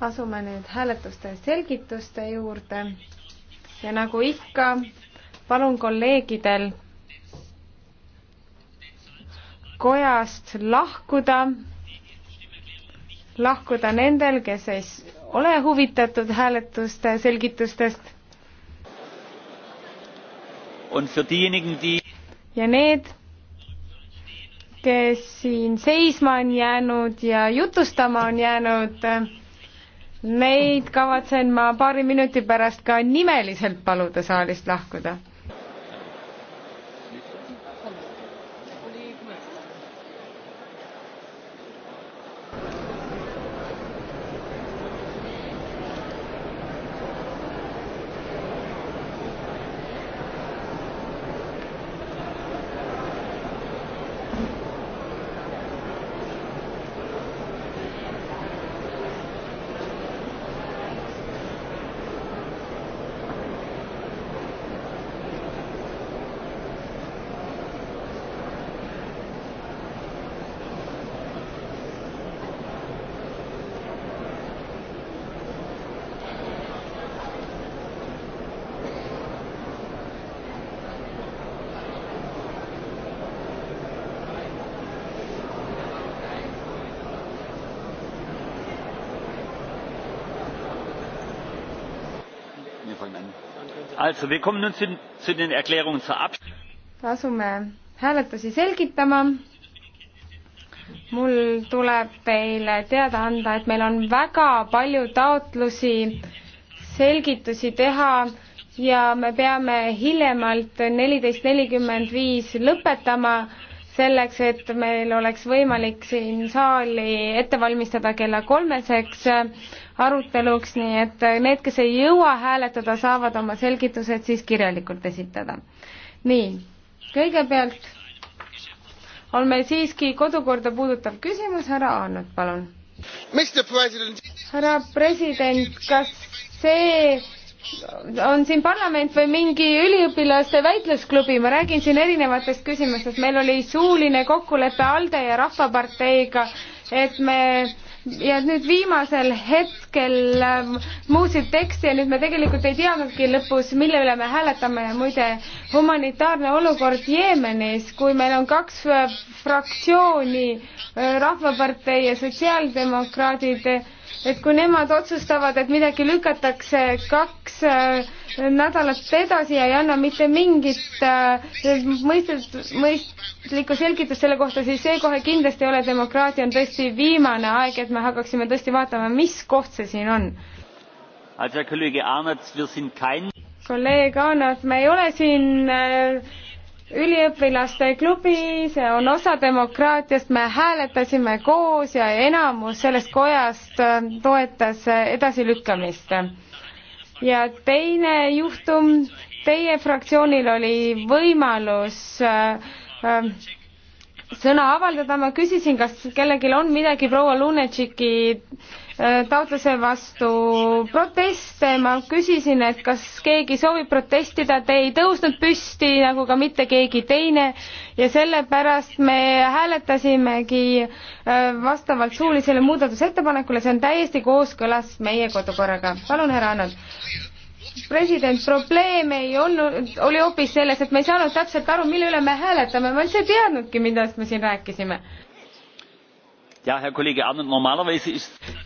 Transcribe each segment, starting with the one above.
asume nüüd hääletuste selgituste juurde ja nagu ikka, palun kolleegidel kojast lahkuda, lahkuda nendel, kes ei ole huvitatud hääletuste selgitustest. ja need, kes siin seisma on jäänud ja jutustama on jäänud. Neid kavatsen ma paari minuti pärast ka nimeliselt paluda saalist lahkuda Also, wir kommen nun zu, zu den Erklärungen zur Ab-. asume hääletusi selgitama. mul tuleb teile teada anda, et meil on väga palju taotlusi selgitusi teha ja me peame hiljemalt neliteist nelikümmend viis lõpetama selleks, et meil oleks võimalik siin saali ette valmistada kella kolmeseks aruteluks, nii et need, kes ei jõua hääletada, saavad oma selgitused siis kirjalikult esitada. nii, kõigepealt on meil siiski kodukorda puudutav küsimus, härra Annut, palun. härra president, kas see on siin parlament või mingi üliõpilaste väitlusklubi, ma räägin siin erinevatest küsimustest, meil oli suuline kokkulepe ALDE ja Rahvaparteiga, et me ja nüüd viimasel hetkel ähm, muutsid teksti ja nüüd me tegelikult ei teadnudki lõpus, mille üle me hääletame ja muide humanitaarne olukord Jeemenis, kui meil on kaks äh, fraktsiooni, äh, Rahvapartei ja Sotsiaaldemokraadid, et kui nemad otsustavad, et midagi lükatakse kaks äh, nädalat edasi ja ei anna mitte mingit äh, mõistet, mõistlikku selgitust selle kohta, siis see kohe kindlasti ei ole demokraatia, on tõesti viimane aeg, et me hakkaksime tõesti vaatama, mis koht see siin on. kolleeg Aanat, me ei ole siin äh, üliõpilaste klubi, see on osa demokraatiast, me hääletasime koos ja enamus sellest kojast äh, toetas äh, edasilükkamist. ja teine juhtum, teie fraktsioonil oli võimalus äh, äh, sõna avaldada, ma küsisin, kas kellelgi on midagi proua Lunetšiki Äh, taotluse vastu proteste, ma küsisin, et kas keegi soovib protestida, te ei tõusnud püsti nagu ka mitte keegi teine ja sellepärast me hääletasimegi äh, vastavalt suulisele muudatusettepanekule, see on täiesti kooskõlas meie kodukorraga. palun, härra Annel president, probleem ei olnud, oli hoopis selles, et me ei saanud täpselt aru, mille üle me hääletame, ma üldse ei teadnudki, millest me siin rääkisime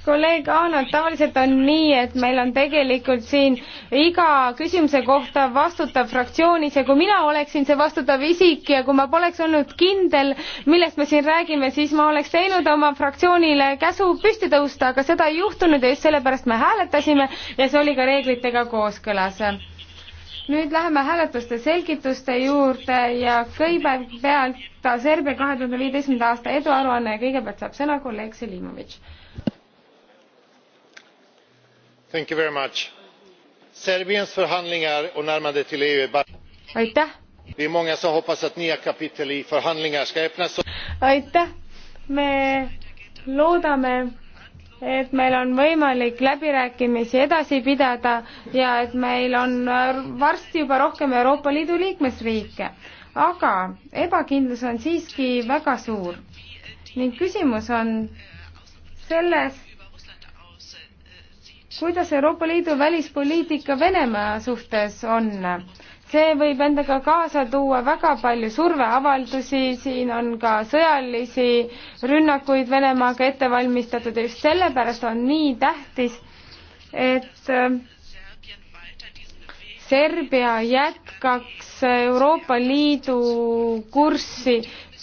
kolleeg Aanot, tavaliselt on nii, et meil on tegelikult siin iga küsimuse kohta vastutav fraktsioonis ja kui mina oleksin see vastutav isik ja kui ma poleks olnud kindel, millest me siin räägime, siis ma oleks teinud oma fraktsioonile käsu püsti tõusta, aga seda ei juhtunud ja just sellepärast me hääletasime ja see oli ka reeglitega kooskõlas nüüd läheme hääletuste selgituste juurde ja kõigepealt Serbia kahe tuhande viieteistkümnenda aasta eduaruanne ja kõigepealt saab sõna kolleeg Selimovitš. E aitäh. aitäh, me loodame et meil on võimalik läbirääkimisi edasi pidada ja et meil on varsti juba rohkem Euroopa Liidu liikmesriike. aga ebakindlus on siiski väga suur ning küsimus on selles, kuidas Euroopa Liidu välispoliitika Venemaa suhtes on see võib endaga kaasa tuua väga palju surveavaldusi, siin on ka sõjalisi rünnakuid Venemaaga ette valmistatud ja just sellepärast on nii tähtis, et äh, Serbia jätkaks Euroopa Liidu kurssi,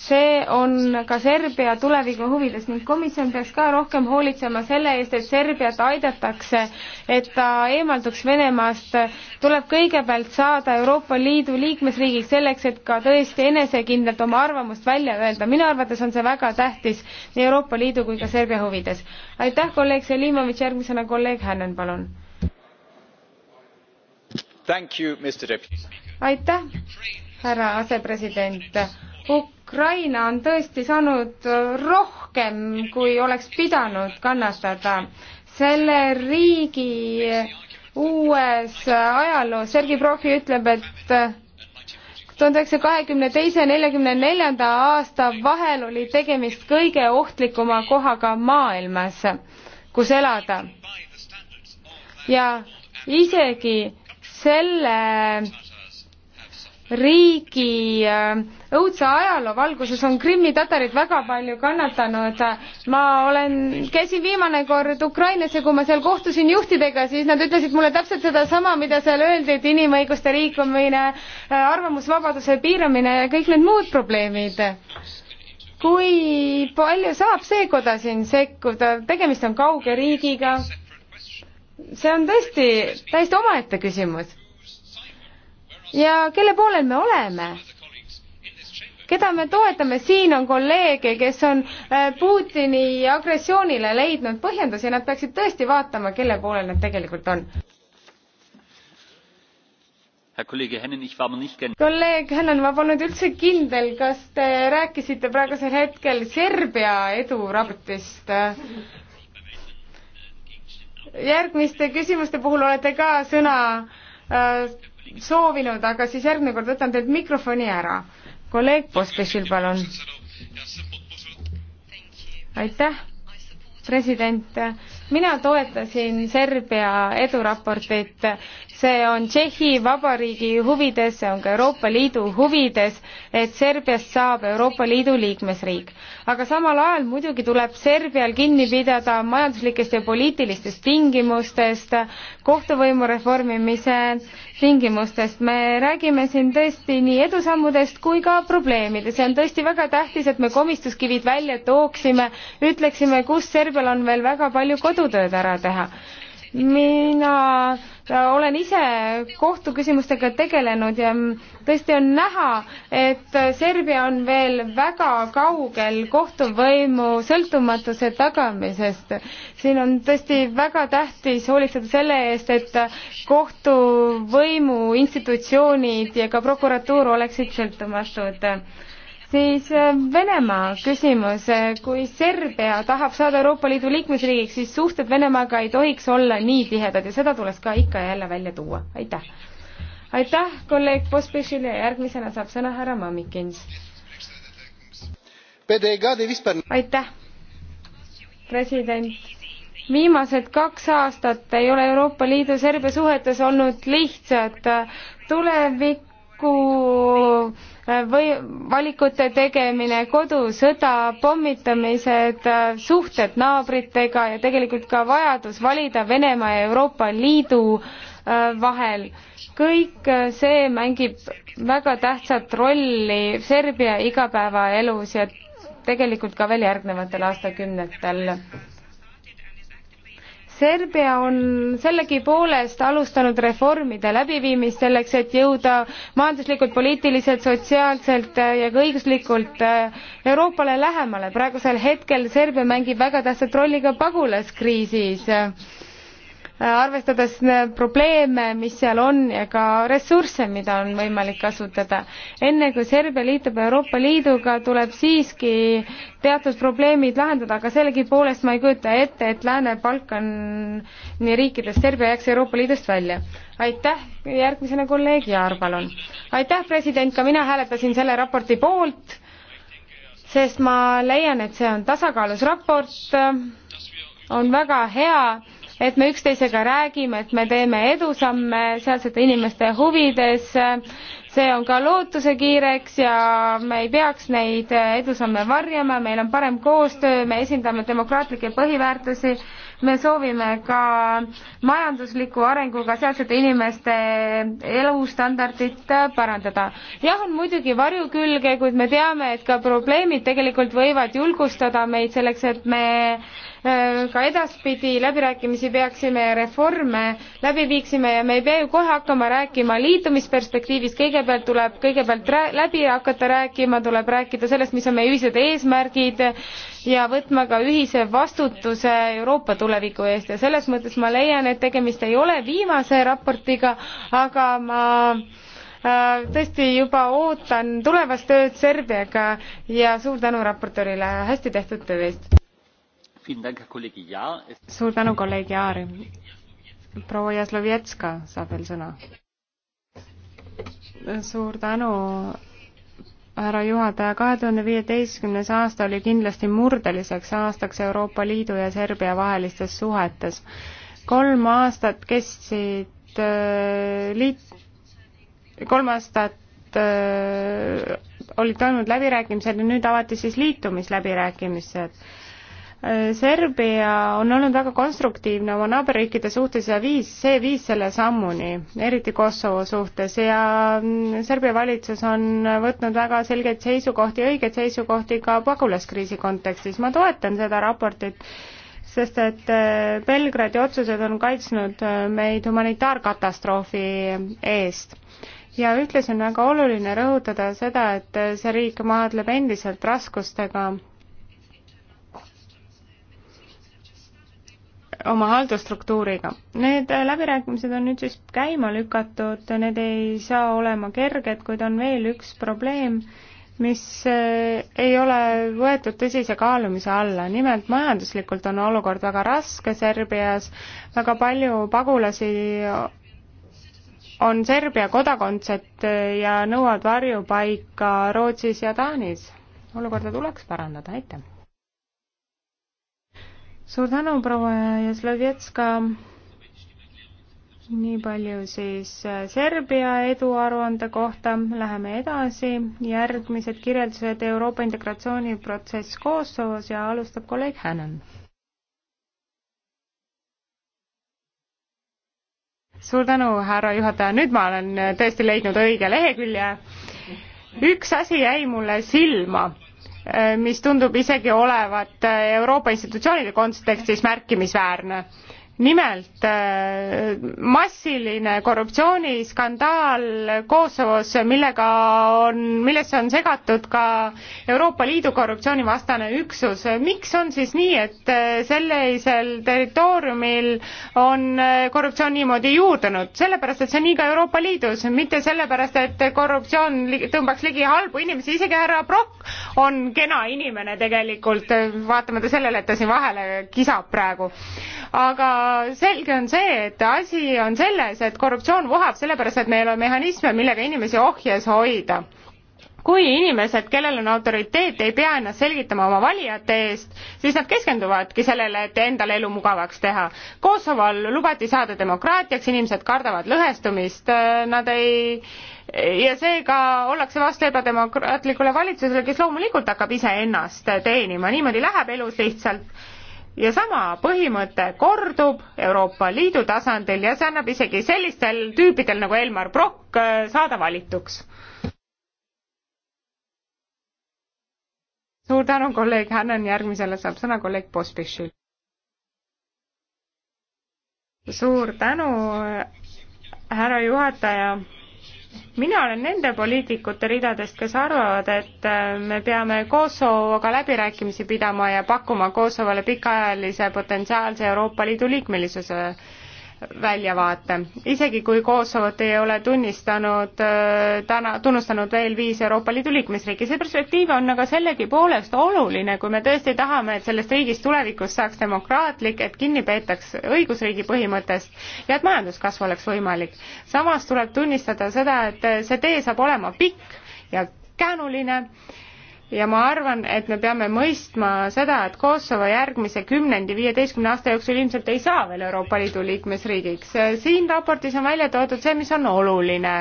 see on ka Serbia tuleviku huvides ning komisjon peaks ka rohkem hoolitsema selle eest, et Serbiat aidatakse, et ta eemalduks Venemaast. tuleb kõigepealt saada Euroopa Liidu liikmesriigiks selleks, et ka tõesti enesekindlalt oma arvamust välja öelda. minu arvates on see väga tähtis nii Euroopa Liidu kui ka Serbia huvides. aitäh, kolleeg Selimovitš, järgmisena kolleeg Hännen, palun. aitäh, härra asepresident. Ukraina on tõesti saanud rohkem, kui oleks pidanud kannatada. selle riigi uues ajaloos, Sergei Profi ütleb, et tuhande üheksasaja kahekümne teise ja neljakümne neljanda aasta vahel oli tegemist kõige ohtlikuma kohaga maailmas, kus elada. ja isegi selle riigi äh, õudse ajaloo valguses on krimmitatarid väga palju kannatanud. ma olen, käisin viimane kord Ukrainas ja kui ma seal kohtusin juhtidega, siis nad ütlesid mulle täpselt sedasama, mida seal öeldi, et inimõiguste riikumine, äh, arvamusvabaduse piiramine ja kõik need muud probleemid. kui palju saab see koda siin sekkuda, tegemist on kauge riigiga. see on tõesti täiesti omaette küsimus ja kelle poolel me oleme? keda me toetame, siin on kolleege, kes on äh, Putini agressioonile leidnud põhjendusi, nad peaksid tõesti vaatama, kelle poolel nad tegelikult on. kolleeg Hennon, ma polnud üldse kindel, kas te rääkisite praegusel hetkel Serbia eduraportist? järgmiste küsimuste puhul olete ka sõna äh, soovinud, aga siis järgmine kord võtan teilt mikrofoni ära. kolleeg Pospešil, palun. aitäh, president. mina toetasin Serbia eduraportit see on Tšehhi Vabariigi huvides, see on ka Euroopa Liidu huvides, et Serbiast saab Euroopa Liidu liikmesriik. aga samal ajal muidugi tuleb Serbial kinni pidada majanduslikest ja poliitilistest tingimustest, kohtuvõimu reformimise tingimustest. me räägime siin tõesti nii edusammudest kui ka probleemidest. see on tõesti väga tähtis, et me komistuskivid välja tooksime, ütleksime, kus Serbial on veel väga palju kodutööd ära teha mina äh, olen ise kohtuküsimustega tegelenud ja tõesti on näha, et äh, Serbia on veel väga kaugel kohtuvõimu sõltumatuse tagamisest. siin on tõesti väga tähtis hoolitseda selle eest, et äh, kohtuvõimu institutsioonid ja ka prokuratuur oleksid sõltumatud siis äh, Venemaa küsimus, äh, kui Serbia tahab saada Euroopa Liidu liikmesriigiks, siis suhted Venemaaga ei tohiks olla nii tihedad ja seda tuleks ka ikka ja jälle välja tuua, aitäh. aitäh kolleeg Pospešile ja järgmisena saab sõna härra Mamikins. aitäh, president viimased kaks aastat ei ole Euroopa Liidu Serbia suhetes olnud lihtsad. tuleviku või valikute tegemine, kodusõda, pommitamised, suhted naabritega ja tegelikult ka vajadus valida Venemaa ja Euroopa Liidu äh, vahel. kõik äh, see mängib väga tähtsat rolli Serbia igapäevaelus ja tegelikult ka veel järgnevatel aastakümnetel Serbia on sellegipoolest alustanud reformide läbiviimist selleks, et jõuda majanduslikult, poliitiliselt, sotsiaalselt äh, ja ka õiguslikult äh, Euroopale lähemale. praegusel hetkel Serbia mängib väga tähtsat rolli ka pagulaskriisis arvestades probleeme, mis seal on ja ka ressursse, mida on võimalik kasutada. enne kui Serbia liitub Euroopa Liiduga, tuleb siiski teatud probleemid lahendada, aga sellegipoolest ma ei kujuta ette, et Lääne-Balkani riikidest Serbia jääks Euroopa Liidust välja. aitäh, järgmisena kolleeg Jaar, palun. aitäh, president, ka mina hääletasin selle raporti poolt, sest ma leian, et see on tasakaalus raport, on väga hea et me üksteisega räägime, et me teeme edusamme sealsete inimeste huvides, see on ka lootusekiireks ja me ei peaks neid edusamme varjama, meil on parem koostöö, me esindame demokraatlikke põhiväärtusi, me soovime ka majandusliku arenguga sealsete inimeste elustandardit parandada. jah, on muidugi varjukülge, kuid me teame, et ka probleemid tegelikult võivad julgustada meid selleks, et me Äh, ka edaspidi läbirääkimisi peaksime ja reforme läbi viiksime ja me ei pea ju kohe hakkama rääkima liitumisperspektiivist, kõigepealt tuleb kõigepealt läbi hakata rääkima, tuleb rääkida sellest, mis on meie ühised eesmärgid ja võtma ka ühise vastutuse Euroopa tuleviku eest ja selles mõttes ma leian, et tegemist ei ole viimase raportiga, aga ma äh, tõesti juba ootan tulevast tööd Serbiaga ja suur tänu raportöörile hästi tehtud töö eest suur tänu, kolleeg Jaar. proua Jaslovetska saab veel sõna. suur tänu, härra juhataja. kahe tuhande viieteistkümnes aasta oli kindlasti murdeliseks aastaks Euroopa Liidu ja Serbia vahelistes suhetes. kolm aastat kestsid äh, liit, kolm aastat äh, olid toimunud läbirääkimised ja nüüd avati siis liitumisläbirääkimised Äh, Serbia on olnud väga konstruktiivne oma naaberriikide suhtes ja viis, see viis selle sammuni, eriti Kosovo suhtes ja mm, Serbia valitsus on võtnud väga selgeid seisukohti, õigeid seisukohti ka pagulaskriisi kontekstis. ma toetan seda raportit, sest et äh, Belgradi otsused on kaitsnud äh, meid humanitaarkatastroofi eest ja ühtlasi on väga oluline rõhutada seda, et see riik maadleb endiselt raskustega oma haldusstruktuuriga. Need läbirääkimised on nüüd siis käima lükatud, need ei saa olema kerged, kuid on veel üks probleem, mis eh, ei ole võetud tõsise kaalumise alla. nimelt majanduslikult on olukord väga raske Serbias, väga palju pagulasi on Serbia kodakondsed eh, ja nõuavad varjupaika Rootsis ja Taanis. olukorda tuleks parandada, aitäh! suur tänu, proua Jaslovetska. nii palju siis äh, Serbia eduaruande kohta. Läheme edasi. järgmised kirjeldused Euroopa integratsiooniprotsess Kosovos ja alustab kolleeg Hänen. suur tänu, härra juhataja. nüüd ma olen äh, tõesti leidnud õige lehekülje. üks asi jäi mulle silma mis tundub isegi olevat Euroopa institutsioonide kontekstis märkimisväärne nimelt äh, massiline korruptsiooniskandaal Kosovos, millega on, millesse on segatud ka Euroopa Liidu korruptsioonivastane üksus. miks on siis nii, et äh, sellisel territooriumil on äh, korruptsioon niimoodi juurdunud? sellepärast, et see on nii ka Euroopa Liidus, mitte sellepärast, et korruptsioon tõmbaks ligi halbu inimesi, isegi härra Brock on kena inimene tegelikult, vaatamata sellele, et ta siin vahele kisab praegu. aga selge on see, et asi on selles, et korruptsioon vohab sellepärast, et meil on mehhanisme, millega inimesi ohjes hoida. kui inimesed, kellel on autoriteet, ei pea ennast selgitama oma valijate eest, siis nad keskenduvadki sellele, et endale elu mugavaks teha. Kosoval lubati saada demokraatiaks, inimesed kardavad lõhestumist, nad ei ja seega ollakse vastu ebademokraatlikule valitsusele, kes loomulikult hakkab iseennast teenima, niimoodi läheb elus lihtsalt ja sama põhimõte kordub Euroopa Liidu tasandil ja see annab isegi sellistel tüüpidel nagu Elmar Brokk äh, saada valituks. suur tänu, kolleeg Hannan, järgmisele saab sõna kolleeg Pospišil. suur tänu, härra juhataja mina olen nende poliitikute ridadest, kes arvavad, et äh, me peame Kosovoga läbirääkimisi pidama ja pakkuma Kosovole pikaajalise potentsiaalse Euroopa Liidu liikmelisuse väljavaate. isegi kui Kosovot ei ole tunnistanud äh, täna, tunnustanud veel viis Euroopa Liidu liikmesriiki, see perspektiiv on aga sellegipoolest oluline, kui me tõesti tahame, et sellest riigist tulevikus saaks demokraatlik, et kinni peetaks õigusriigi põhimõttest ja et majanduskasv oleks võimalik. samas tuleb tunnistada seda, et see tee saab olema pikk ja käänuline ja ma arvan, et me peame mõistma seda, et Kosovo järgmise kümnendi, viieteistkümne aasta jooksul ilmselt ei saa veel Euroopa Liidu liikmesriigiks. siin raportis on välja toodud see, mis on oluline.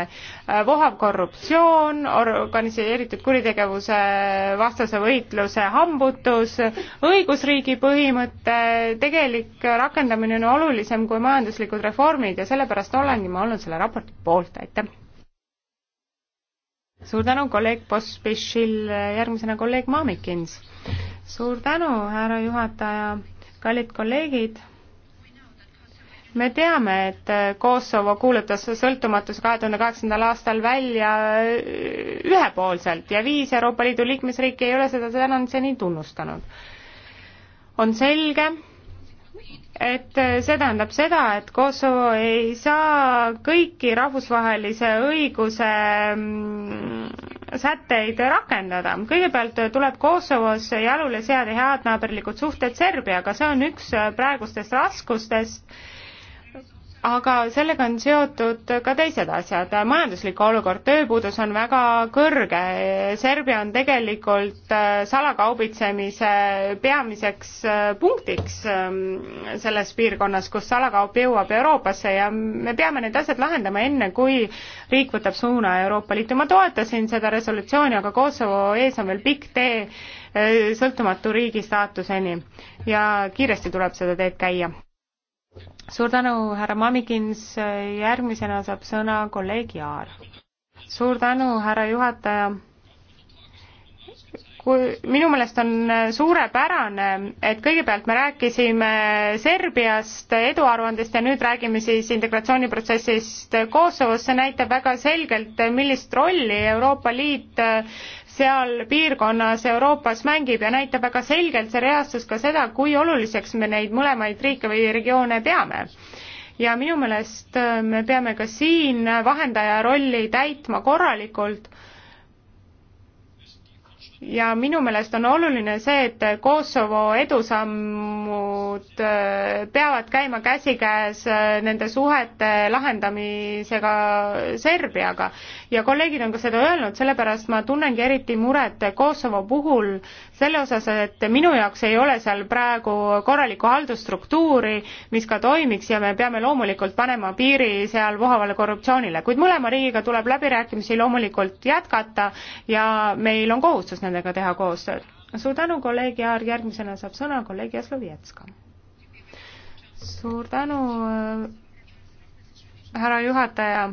vohav korruptsioon, organiseeritud kuritegevuse vastase võitluse hambutus, õigusriigi põhimõte, tegelik rakendamine on olulisem kui majanduslikud reformid ja sellepärast olengi ma olnud selle raporti poolt, aitäh! suur tänu, kolleeg Pospišil, järgmisena kolleeg Maamikins. suur tänu, härra juhataja, kallid kolleegid me teame, et Kosovo kuulutas sõltumatuse kahe tuhande kaheksandal aastal välja ühepoolselt ja viis Euroopa Liidu liikmesriiki ei ole seda tänaseni tunnustanud. on selge, et see tähendab seda, et Kosovo ei saa kõiki rahvusvahelise õiguse mm, sätteid rakendada. kõigepealt tuleb Kosovos jalule seada headnaaberlikud suhted Serbiaga, see on üks praegustest raskustest aga sellega on seotud ka teised asjad, majanduslik olukord, tööpuudus on väga kõrge, Serbia on tegelikult äh, salakaubitsemise peamiseks äh, punktiks ähm, selles piirkonnas, kus salakaup jõuab Euroopasse ja me peame need asjad lahendama enne, kui riik võtab suuna Euroopa Liitu. ma toetasin seda resolutsiooni, aga Kosovo ees on veel pikk tee äh, sõltumatu riigi staatuseni ja kiiresti tuleb seda teed käia suur tänu, härra Mamikins, järgmisena saab sõna kolleeg Jaar. suur tänu, härra juhataja. kui, minu meelest on suurepärane, et kõigepealt me rääkisime Serbiast, eduaruandest ja nüüd räägime siis integratsiooniprotsessist Kosovos, see näitab väga selgelt, millist rolli Euroopa Liit seal piirkonnas Euroopas mängib ja näitab väga selgelt see reastus ka seda, kui oluliseks me neid mõlemaid riike või regioone peame. ja minu meelest äh, me peame ka siin vahendaja rolli täitma korralikult ja minu meelest on oluline see, et Kosovo edusammud äh, peavad käima käsikäes äh, nende suhete lahendamisega Serbiaga. ja kolleegid on ka seda öelnud, sellepärast ma tunnengi eriti muret Kosovo puhul, selle osas, et minu jaoks ei ole seal praegu korralikku haldusstruktuuri, mis ka toimiks ja me peame loomulikult panema piiri seal vohavale korruptsioonile, kuid mõlema riigiga tuleb läbirääkimisi loomulikult jätkata ja meil on kohustus nendega teha koostööd. suur tänu, kolleeg Jaar, järgmisena saab sõna kolleeg Jaslovjetska. suur tänu, äh, härra juhataja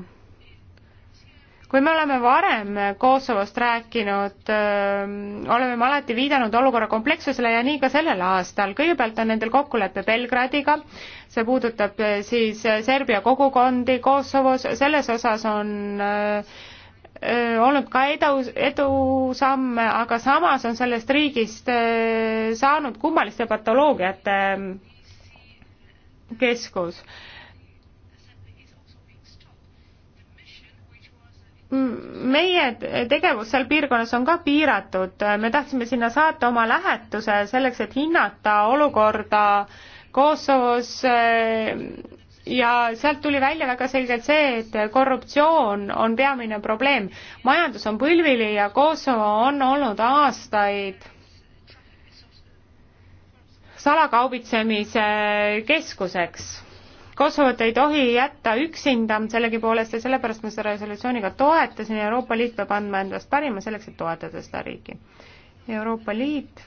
kui me oleme varem Kosovost rääkinud, ähm, oleme me alati viidanud olukorra komplekssusele ja nii ka sellel aastal. kõigepealt on nendel kokkulepe Belgradiga, see puudutab äh, siis äh, Serbia kogukondi Kosovos, selles osas on äh, olnud ka edu, edusamme, aga samas on sellest riigist saanud kummaliste patoloogiate ähm, keskus meie tegevus seal piirkonnas on ka piiratud, me tahtsime sinna saata oma lähetuse selleks, et hinnata olukorda Kosovos eh, ja sealt tuli välja väga selgelt see, et korruptsioon on peamine probleem. majandus on põlvili ja Kosovo on olnud aastaid salakaubitsemise keskuseks Kosovot ei tohi jätta üksinda sellegipoolest ja sellepärast ma seda resolutsiooni ka toetasin ja Euroopa Liit peab andma endast parima selleks, et toetada seda riiki. Euroopa Liit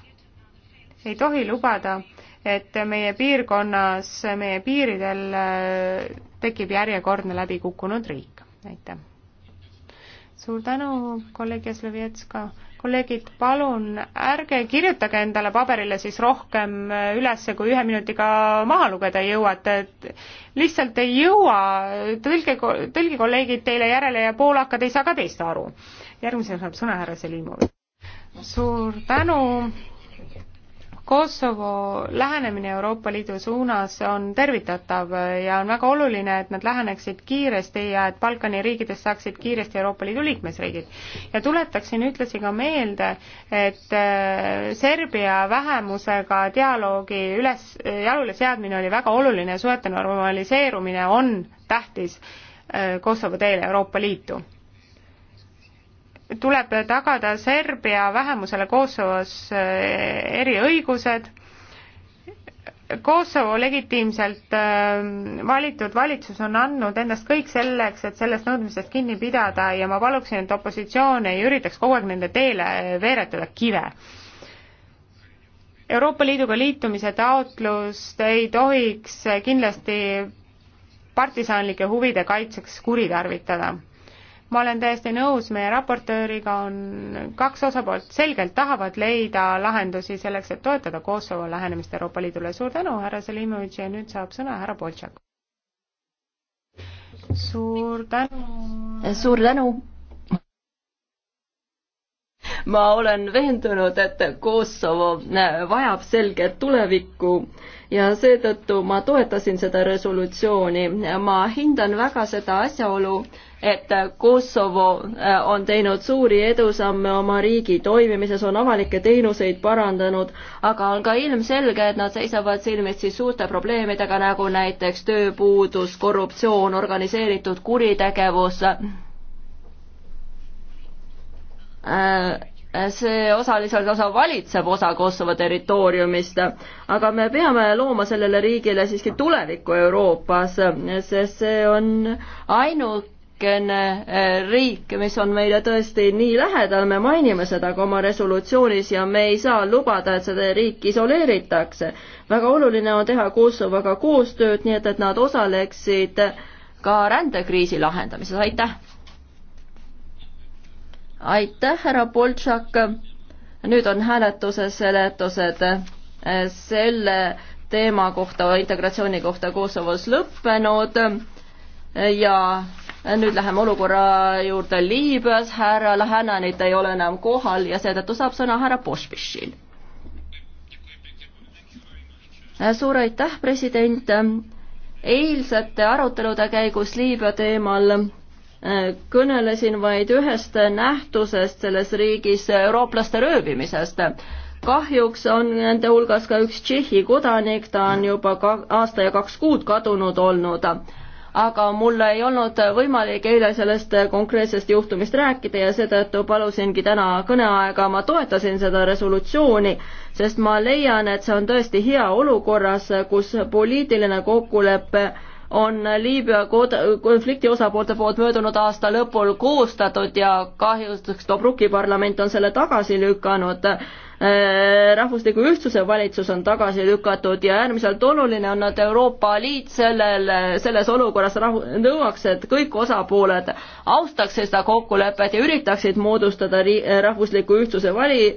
ei tohi lubada, et meie piirkonnas, meie piiridel äh, tekib järjekordne läbikukkunud riik. aitäh! suur tänu, kolleeg Jaslovetska, kolleegid, palun ärge kirjutage endale paberile siis rohkem üles, kui ühe minutiga maha lugeda ei jõua, et et lihtsalt ei jõua, tõlge, tõlgekolleegid teile järele ja poolakad ei saa ka teist aru. järgmisena saab sõna härra Selimovil. suur tänu Kosovo lähenemine Euroopa Liidu suunas on tervitatav ja on väga oluline, et nad läheneksid kiiresti ja et Balkani riikidest saaksid kiiresti Euroopa Liidu liikmesriigid. ja tuletaksin ühtlasi ka meelde, et äh, Serbia vähemusega dialoogi üles, jalule seadmine oli väga oluline, suhete normaliseerumine on tähtis äh, Kosovo teele Euroopa Liitu tuleb tagada Serbia vähemusele Kosovos äh, eriõigused. Kosovo legitiimselt äh, valitud valitsus on andnud endast kõik selleks, et sellest nõudmisest kinni pidada ja ma paluksin, et opositsioon ei üritaks kogu aeg nende teele veeretada kive. Euroopa Liiduga liitumise taotlust ei tohiks kindlasti partisanlike huvide kaitseks kuritarvitada ma olen täiesti nõus meie raportööriga, on kaks osapoolt selgelt tahavad leida lahendusi selleks, et toetada Kosovo lähenemist Euroopa Liidule. suur tänu, härra Selimovitš ja nüüd saab sõna härra Boltšak. suur tänu. suur tänu. ma olen veendunud, et Kosovo vajab selget tulevikku ja seetõttu ma toetasin seda resolutsiooni. ma hindan väga seda asjaolu, et Kosovo äh, on teinud suuri edusamme oma riigi toimimises, on avalikke teenuseid parandanud, aga on ka ilmselge, et nad seisavad silmitsi suurte probleemidega, nagu näiteks tööpuudus, korruptsioon, organiseeritud kuritegevus äh, see osaliselt osa valitseb osa Kosovo territooriumist, aga me peame looma sellele riigile siiski tulevikku Euroopas, sest see on ainukene eh, riik, mis on meile tõesti nii lähedal, me mainime seda ka oma resolutsioonis ja me ei saa lubada, et seda riiki isoleeritakse. väga oluline on teha Kosovoga koostööd, nii et, et nad osaleksid ka rändekriisi lahendamises, aitäh! aitäh, härra Boltšak. nüüd on hääletuse seletused eh, selle teema kohta, integratsiooni kohta Kosovos lõppenud ja nüüd läheme olukorra juurde Liibüas, härra Lahananit ei ole enam kohal ja seetõttu saab sõna härra Pošpišil. suur aitäh, president. eilsete arutelude käigus Liibüa teemal Äh, kõnelesin vaid ühest nähtusest selles riigis, eurooplaste röövimisest. kahjuks on nende hulgas ka üks Tšehhi kodanik, ta on juba ka aasta ja kaks kuud kadunud olnud. aga mul ei olnud võimalik eile sellest konkreetsest juhtumist rääkida ja seetõttu palusingi täna kõneaega, ma toetasin seda resolutsiooni, sest ma leian, et see on tõesti hea olukorras, kus poliitiline kokkulepe on Liibüa konflikti osapoolte poolt möödunud aasta lõpul koostatud ja kahjuks Tobruki parlament on selle tagasi lükanud Äh, rahvusliku ühtsuse valitsus on tagasi lükatud ja äärmiselt oluline on, et Euroopa Liit sellel, selles olukorras rahu, nõuaks, et kõik osapooled austaks seda kokkulepet ja üritaksid moodustada rahvusliku ühtsuse vali,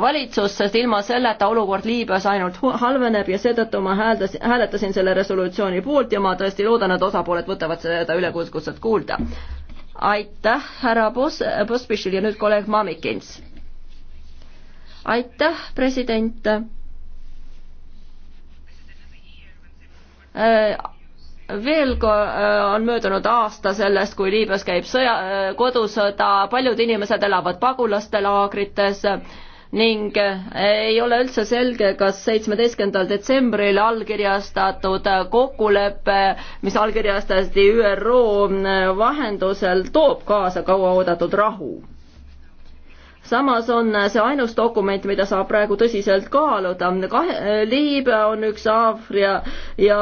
valitsust, sest ilma selleta olukord Liibüas ainult halveneb ja seetõttu ma hääldas, hääletasin selle resolutsiooni poolt ja ma tõesti loodan, et osapooled võtavad seda ülekutset kuulda. aitäh, härra Pos-, Pospišil ja nüüd kolleeg Mamikins aitäh, president. Äh, veel äh, on möödunud aasta sellest, kui Liibüas käib sõja, äh, kodusõda, paljud inimesed elavad pagulastelaagrites ning ei ole üldse selge, kas seitsmeteistkümnendal detsembril allkirjastatud kokkulepe, mis allkirjastati ÜRO vahendusel, toob kaasa kauaoodatud rahu samas on see ainus dokument, mida saab praegu tõsiselt kaaluda. kahe, Liibüa on üks Aafria ja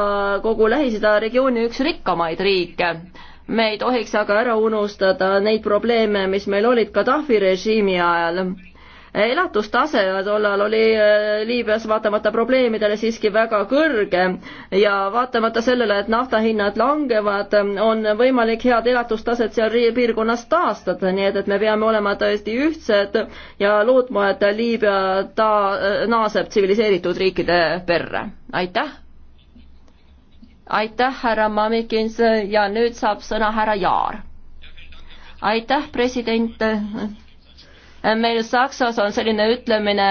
kogu Lähis-Ida regiooni üks rikkamaid riike me ei tohiks aga ära unustada neid probleeme, mis meil olid Gaddafi režiimi ajal elatustase tollal oli äh, Liibüas vaatamata probleemidele siiski väga kõrge ja vaatamata sellele, et naftahinnad langevad, on võimalik head elatustaset seal piirkonnas taastada, nii et, et me peame olema tõesti ühtsed ja lootma, et Liibüa ta naaseb tsiviliseeritud riikide perre. aitäh! aitäh, härra Mamikins ja nüüd saab sõna härra Jaar. aitäh, president meil Saksas on selline ütlemine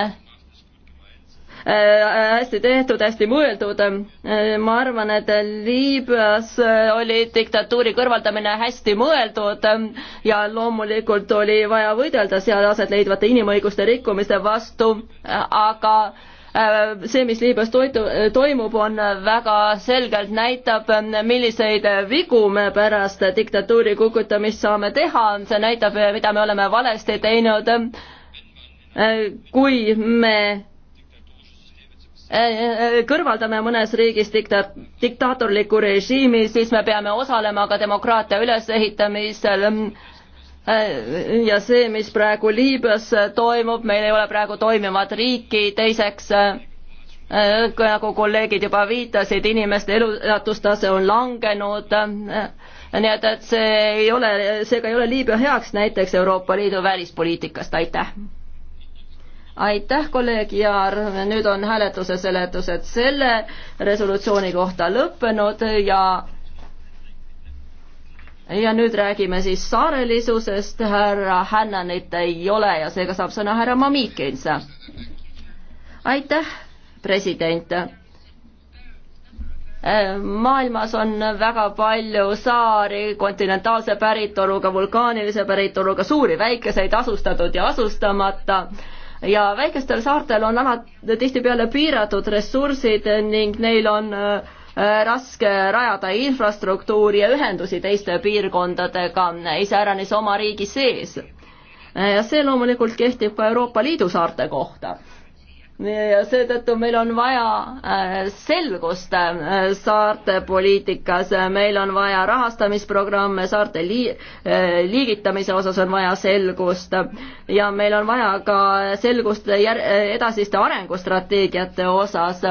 äh, hästi tehtud, hästi mõeldud. Äh, ma arvan, et Liibüas äh, oli diktatuuri kõrvaldamine hästi mõeldud ja loomulikult oli vaja võidelda seal aset leidvate inimõiguste rikkumiste vastu, aga Äh, see, mis Liibüas toitu, toimub, on väga selgelt näitab, milliseid vigu me pärast diktatuuri kukutamist saame teha, see näitab, mida me oleme valesti teinud. Äh, kui me äh, kõrvaldame mõnes riigis dikta-, diktaatorliku režiimi, siis me peame osalema ka demokraatia ülesehitamisel Äh, ja see, mis praegu Liibüas äh, toimub, meil ei ole praegu toimivat riiki, teiseks äh, nagu kolleegid juba viitasid, inimeste elatustase on langenud, nii et, et see ei ole, seega ei ole Liibüa heaks näiteks Euroopa Liidu välispoliitikast, aitäh. aitäh, kolleeg Jaar, nüüd on hääletuse seletused selle resolutsiooni kohta lõppenud ja ja nüüd räägime siis saarelisusest, härra Hännanit ei ole ja seega saab sõna härra Mamikins. aitäh, president. maailmas on väga palju saari kontinentaalse päritoluga, vulkaanilise päritoluga, suuri, väikeseid, asustatud ja asustamata ja väikestel saartel on alati tihtipeale piiratud ressursid ning neil on äh, Äh, raske rajada infrastruktuuri ja ühendusi teiste piirkondadega iseäranis oma riigi sees. Äh, ja see loomulikult kehtib ka Euroopa Liidu saarte kohta. ja seetõttu meil on vaja äh, selgust saarte poliitikas, meil on vaja rahastamisprogramme saarte lii-, liigitamise osas on vaja selgust ja meil on vaja ka selgust jär-, edasiste arengustrateegiate osas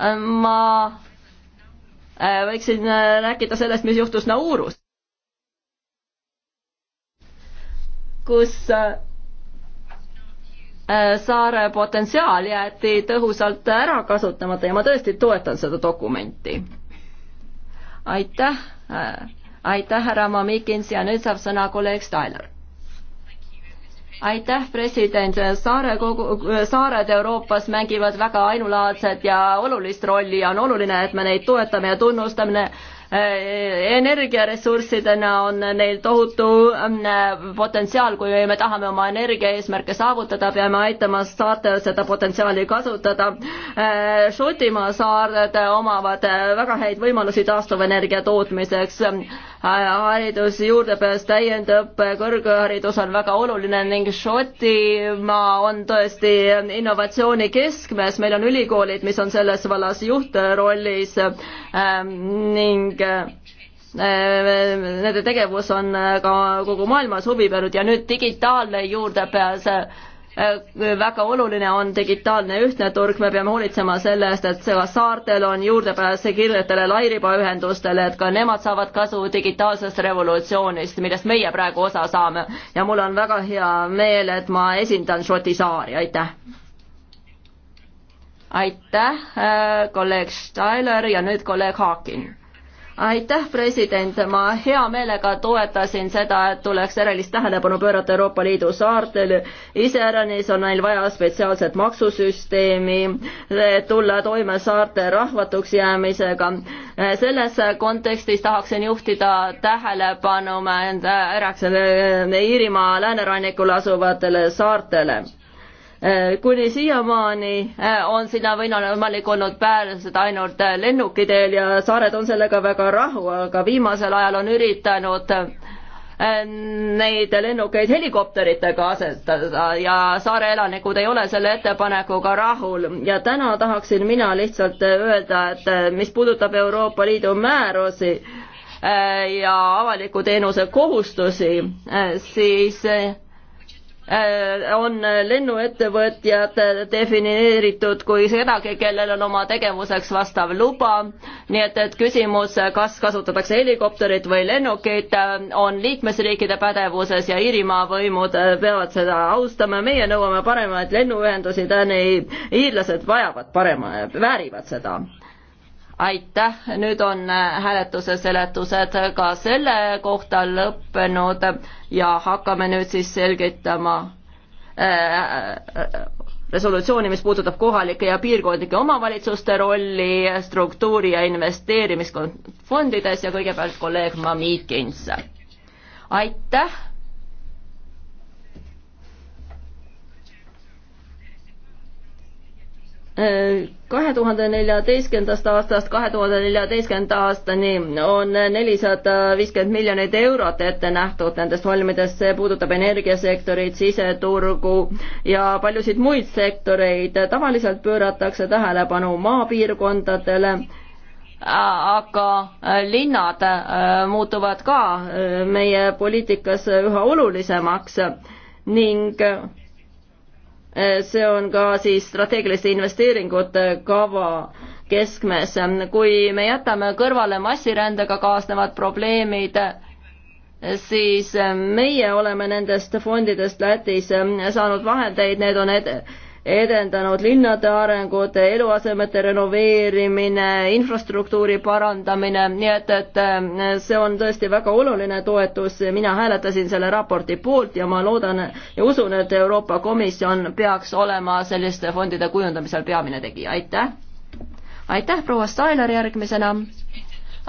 Äh, ma äh, võiksin äh, rääkida sellest, mis juhtus Naurus, kus saare potentsiaal jäeti tõhusalt ära kasutamata ja ma tõesti toetan seda dokumenti. aitäh, aitäh, härra Mamikins ja nüüd saab sõna kolleeg Stailer aitäh, president, saare kogu, äh, saared Euroopas mängivad väga ainulaadset ja olulist rolli ja on oluline, et me neid toetame ja tunnustame äh, energiaressurssidena on neil tohutu ähm, potentsiaal, kui me tahame oma energiaeesmärke saavutada, peame aitama saartel seda potentsiaali kasutada. Äh, Šotimaa saared omavad väga häid võimalusi taastuvenergia tootmiseks haridus, juurdepääs täiendõppe, kõrgharidus on väga oluline ning Šotimaa on tõesti innovatsiooni keskmes, meil on ülikoolid, mis on selles vallas juhtrollis ähm, ning äh, nende tegevus on ka kogu maailmas huvi pööranud ja nüüd digitaalne juurdepääs Äh, väga oluline on digitaalne ühtne turg, me peame hoolitsema selle eest, et ka saartel on juurdepääs kiiretele lairibaühendustele, et ka nemad saavad kasu digitaalsest revolutsioonist, millest meie praegu osa saame. ja mul on väga hea meel, et ma esindan Šoti saari, aitäh! aitäh, äh, kolleeg Steiler ja nüüd kolleeg Haakin aitäh, president, ma hea meelega toetasin seda, et tuleks järelist tähelepanu pöörata Euroopa Liidu saartel. iseäranis on neil vaja spetsiaalset maksusüsteemi, tulla toime saarte rahvatuks jäämisega. selles kontekstis tahaksin juhtida tähelepanu enda äraksele äh, Iirimaa läänerannikul asuvatele saartele Äh, kuni siiamaani äh, on sinna võimalik olnud pääseda ainult äh, lennukiteel ja saared on sellega väga rahul, aga viimasel ajal on üritanud neid lennukeid helikopteritega asendada ja saare elanikud ei ole selle ettepanekuga rahul ja täna tahaksin mina lihtsalt öelda, et mis puudutab Euroopa Liidu määrusi ja avaliku teenuse kohustusi, siis Äh, on lennuettevõtjad defineeritud kui kedagi, kellel on oma tegevuseks vastav luba, nii et, et küsimus, kas kasutatakse helikopterit või lennukit, äh, on liikmesriikide pädevuses ja Iirimaa võimud äh, peavad seda austama, meie nõuame paremaid lennuühendusi, täni iirlased vajavad parema, väärivad seda aitäh, nüüd on äh, hääletuse seletused ka selle kohta lõppenud ja hakkame nüüd siis selgitama äh, äh, resolutsiooni, mis puudutab kohalike ja piirkondlike omavalitsuste rolli struktuuri ja investeerimisfondides ja kõigepealt kolleeg Mamikins. aitäh kahe tuhande neljateistkümnendast aastast kahe tuhande neljateistkümnenda aastani on nelisada viiskümmend miljonit eurot ette nähtud nendest holmidest, see puudutab energiasektorit, siseturgu ja paljusid muid sektoreid, tavaliselt pööratakse tähelepanu maapiirkondadele, aga linnad äh, muutuvad ka äh, meie poliitikas üha olulisemaks ning see on ka siis strateegiliste investeeringute kava keskmes. kui me jätame kõrvale massirändega kaasnevad probleemid, siis meie oleme nendest fondidest Lätis saanud vahendeid, need on ed-, edendanud linnade arengut, eluasemete renoveerimine, infrastruktuuri parandamine, nii et, et eh, see on tõesti väga oluline toetus, mina hääletasin selle raporti poolt ja ma loodan ja usun, et Euroopa Komisjon peaks olema selliste fondide kujundamisel peamine tegija, aitäh! aitäh, proua Stailer, järgmisena!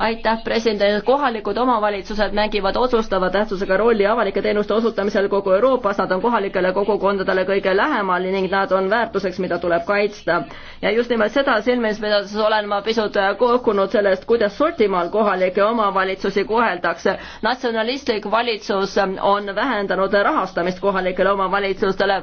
aitäh, president, kohalikud omavalitsused mängivad otsustava tähtsusega rolli avalike teenuste osutamisel kogu Euroopas, nad on kohalikele kogukondadele kõige lähemal ning nad on väärtuseks, mida tuleb kaitsta. ja just nimelt seda silmis pidades olen ma pisut kohkunud sellest, kuidas Šotimaal kohalikke omavalitsusi koheldakse. natsionalistlik valitsus on vähendanud rahastamist kohalikele omavalitsustele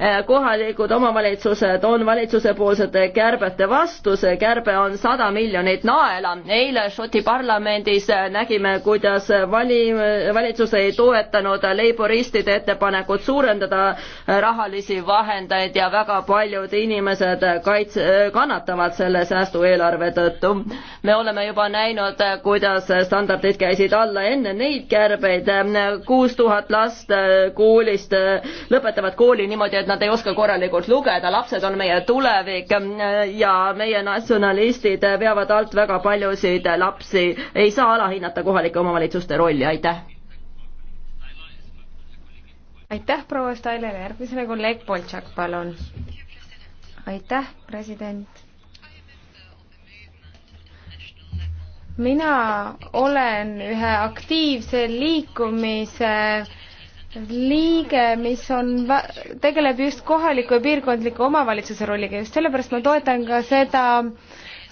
Eh, kohalikud omavalitsused on valitsusepoolsete kärbete vastu, see kärbe on sada miljonit naela. eile Šoti parlamendis eh, nägime, kuidas vali, valitsus ei toetanud leiboristide ettepanekut suurendada eh, rahalisi vahendeid ja väga paljud inimesed kaitse, kannatavad selle säästueelarve tõttu. me oleme juba näinud, kuidas standardid käisid alla enne neid kärbeid, kuus tuhat last koolist lõpetavad kooli niimoodi, et et nad ei oska korralikult lugeda, lapsed on meie tulevik ja meie natsionalistid veavad alt väga paljusid lapsi. ei saa alahinnata kohalike omavalitsuste rolli, aitäh. aitäh, proua Stalile, järgmisele kolleeg Boltšak, palun. aitäh, president mina olen ühe aktiivse liikumise liige, mis on, tegeleb just kohaliku ja piirkondliku omavalitsuse rolliga, just sellepärast ma toetan ka seda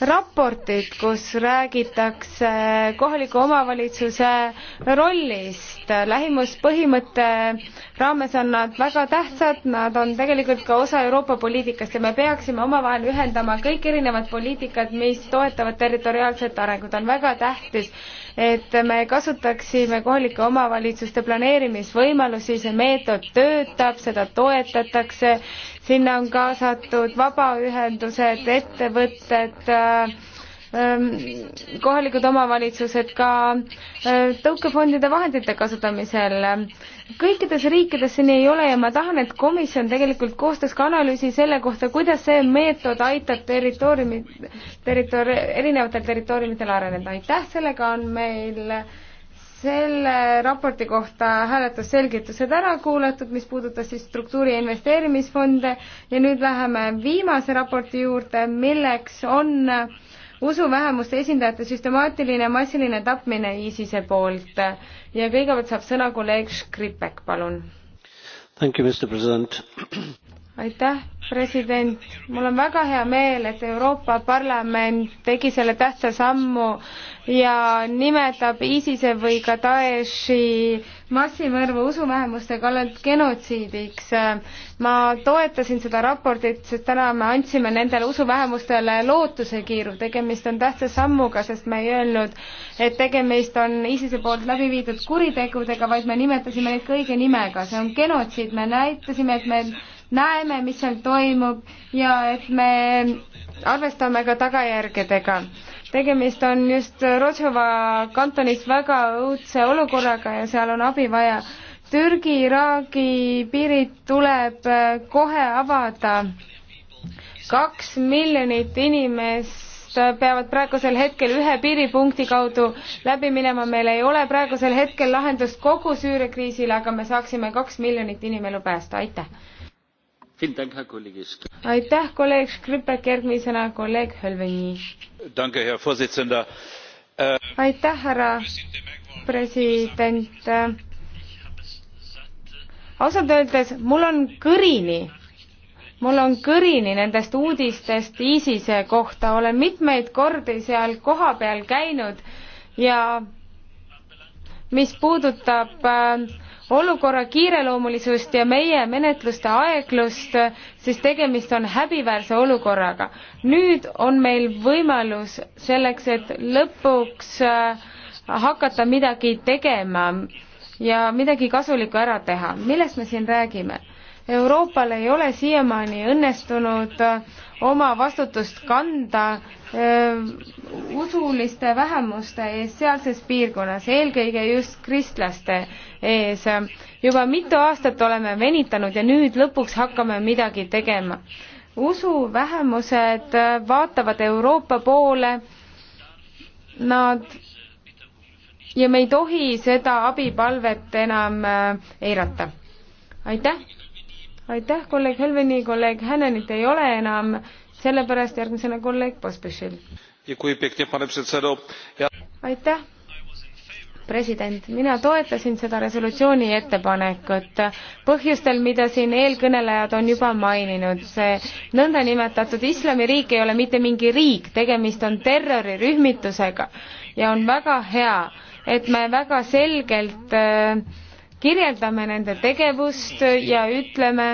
raportit, kus räägitakse kohaliku omavalitsuse rollist lähimuspõhimõtte raames on nad väga tähtsad, nad on tegelikult ka osa Euroopa poliitikast ja me peaksime omavahel ühendama kõik erinevad poliitikad, mis toetavad territoriaalset arengut, on väga tähtis, et me kasutaksime kohalike omavalitsuste planeerimisvõimalusi, see meetod töötab, seda toetatakse, sinna on kaasatud vabaühendused, ettevõtted äh,, Ehm, kohalikud omavalitsused ka ehm, tõukefondide vahendite kasutamisel. kõikides riikides see nii ei ole ja ma tahan, et komisjon tegelikult koostaks ka analüüsi selle kohta, kuidas see meetod aitab territooriumi, territoor-, erinevatel territooriumitel areneda. aitäh, sellega on meil selle raporti kohta hääletusselgitused ära kuulatud, mis puudutas siis struktuuri investeerimisfonde ja nüüd läheme viimase raporti juurde, milleks on usuvähemuste esindajate süstemaatiline massiline tapmine ISISe poolt ja kõigepealt saab sõna kolleeg Škripek, palun. aitäh, president, mul on väga hea meel, et Euroopa Parlament tegi selle tähtsa sammu ja nimetab ISISe või ka Daeshi massimõrvu usuvähemuste kallalt genotsiidiks. ma toetasin seda raportit, sest täna me andsime nendele usuvähemustele lootusekiiru, tegemist on tähtsa sammuga, sest me ei öelnud, et tegemist on ISISe poolt läbi viidud kuritegudega, vaid me nimetasime neid kõige nimega, see on genotsiid, me näitasime, et me näeme, mis seal toimub ja et me arvestame ka tagajärgedega. tegemist on just Rojava kantonis väga õudse olukorraga ja seal on abi vaja. Türgi-Iraagi piirid tuleb kohe avada. kaks miljonit inimest peavad praegusel hetkel ühe piiripunkti kaudu läbi minema, meil ei ole praegusel hetkel lahendust kogu Süüria kriisile, aga me saaksime kaks miljonit inimelu päästa, aitäh! aitäh, kolleeg Škripek, järgmisena kolleeg Hölveni. Äh, aitäh, härra president. ausalt öeldes mul on kõrini mul on kõrini nendest uudistest ISISe kohta, olen mitmeid kordi seal kohapeal käinud ja mis puudutab äh, olukorra kiireloomulisust ja meie menetluste aeglust, siis tegemist on häbiväärse olukorraga. nüüd on meil võimalus selleks, et lõpuks äh, hakata midagi tegema ja midagi kasulikku ära teha. millest me siin räägime? Euroopal ei ole siiamaani õnnestunud äh, oma vastutust kanda öö, usuliste vähemuste ees sealses piirkonnas, eelkõige just kristlaste ees. juba mitu aastat oleme venitanud ja nüüd lõpuks hakkame midagi tegema. usuvähemused vaatavad Euroopa poole, nad ja me ei tohi seda abipalvet enam eirata. aitäh! aitäh, kolleeg Helveni, kolleeg Hänenit ei ole enam, sellepärast järgmisena kolleeg Pospešil. aitäh, president, mina toetasin seda resolutsiooni ettepanekut põhjustel, mida siin eelkõnelejad on juba maininud. see nõndanimetatud islamiriik ei ole mitte mingi riik, tegemist on terrorirühmitusega ja on väga hea, et me väga selgelt äh, kirjeldame nende tegevust ja ütleme,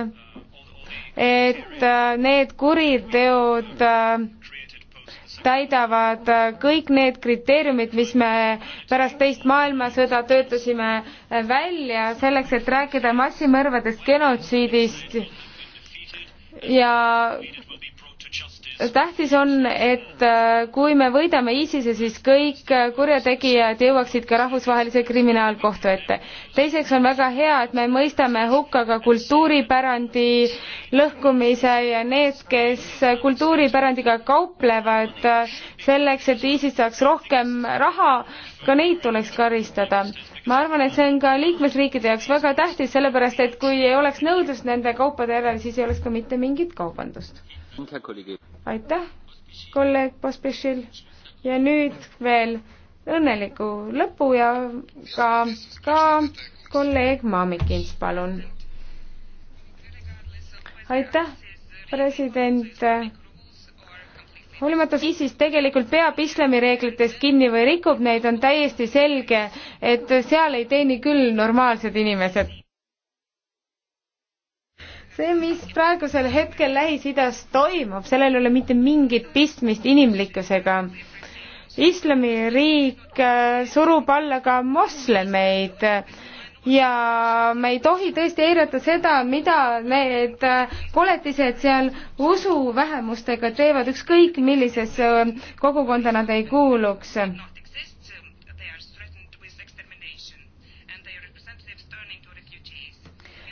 et äh, need kuriteod äh, täidavad äh, kõik need kriteeriumid, mis me pärast teist maailmasõda töötasime välja selleks, et rääkida massimõrvadest, genotsiidist ja tähtis on, et äh, kui me võidame ISISe, siis kõik äh, kurjategijad jõuaksid ka rahvusvahelise kriminaalkohtu ette. teiseks on väga hea, et me mõistame hukka ka kultuuripärandi lõhkumise ja need, kes kultuuripärandiga kauplevad äh, selleks, et ISIS saaks rohkem raha, ka neid tuleks karistada ma arvan, et see on ka liikmesriikide jaoks väga tähtis, sellepärast et kui ei oleks nõudlust nende kaupade järele, siis ei oleks ka mitte mingit kaubandust aitäh, kolleeg Pospišil ja nüüd veel õnneliku lõpu ja ka, ka kolleeg Mamikins, palun. aitäh, president. hoolimata ISIS tegelikult peab islamireeglitest kinni või rikub neid, on täiesti selge, et seal ei teeni küll normaalsed inimesed see, mis praegusel hetkel Lähis-Idas toimub, sellel ei ole mitte mingit pistmist inimlikkusega. islamiriik äh, surub alla ka moslemeid ja me ei tohi tõesti eirata seda, mida need koletised äh, seal usuvähemustega teevad, ükskõik millisesse äh, kogukonda nad ei kuuluks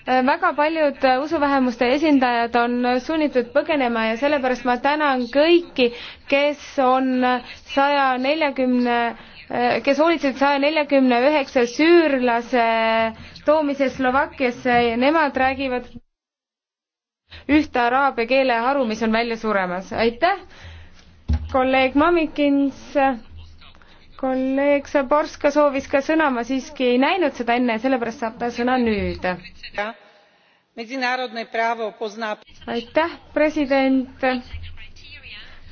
väga paljud äh, usuvähemuste esindajad on äh, sunnitud põgenema ja sellepärast ma tänan kõiki, kes on äh, saja neljakümne kes hoolitsesid saja neljakümne üheksa süürlase toomise Slovakkiasse ja nemad räägivad ühte araabia keeleharu, mis on välja suremas. aitäh, kolleeg Mamikins kolleeg Saborska soovis ka sõna, ma siiski ei näinud seda enne, sellepärast saab ta sõna nüüd. aitäh, president.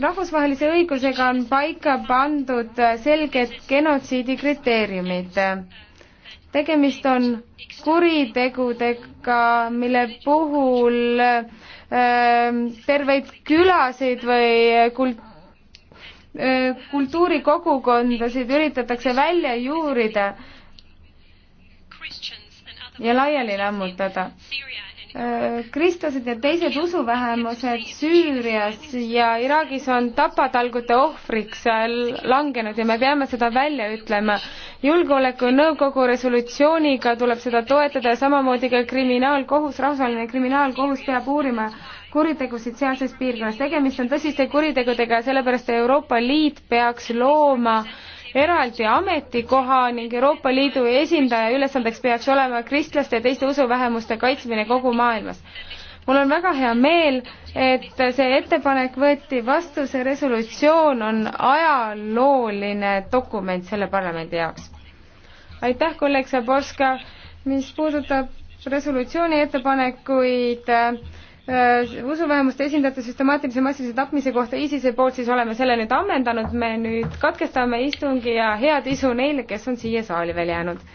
rahvusvahelise õigusega on paika pandud selged genotsiidi kriteeriumid. tegemist on kuritegudega, mille puhul äh, terveid külasid või kult-, kultuurikogukondasid üritatakse välja juurida ja laiali lammutada. kristlased ja teised usuvähemused Süürias ja Iraagis on tapatalgute ohvriks langenud ja me peame seda välja ütlema. julgeolekunõukogu resolutsiooniga tuleb seda toetada ja samamoodi ka kriminaalkohus, rahvusvaheline kriminaalkohus peab uurima kuritegusid sealses piirkonnas. tegemist on tõsiste kuritegudega ja sellepärast Euroopa Liit peaks looma eraldi ametikoha ning Euroopa Liidu esindaja ülesandeks peaks olema kristlaste ja teiste usuvähemuste kaitsmine kogu maailmas. mul on väga hea meel, et see ettepanek võeti vastu, see resolutsioon on ajalooline dokument selle parlamendi jaoks. aitäh, kolleeg Zaborska, mis puudutab resolutsiooni ettepanekuid äh, Äh, usuvähemuste esindajate süstemaatilise massilise tapmise kohta ISISe poolt, siis oleme selle nüüd ammendanud, me nüüd katkestame istungi ja head isu neile, kes on siia saali veel jäänud.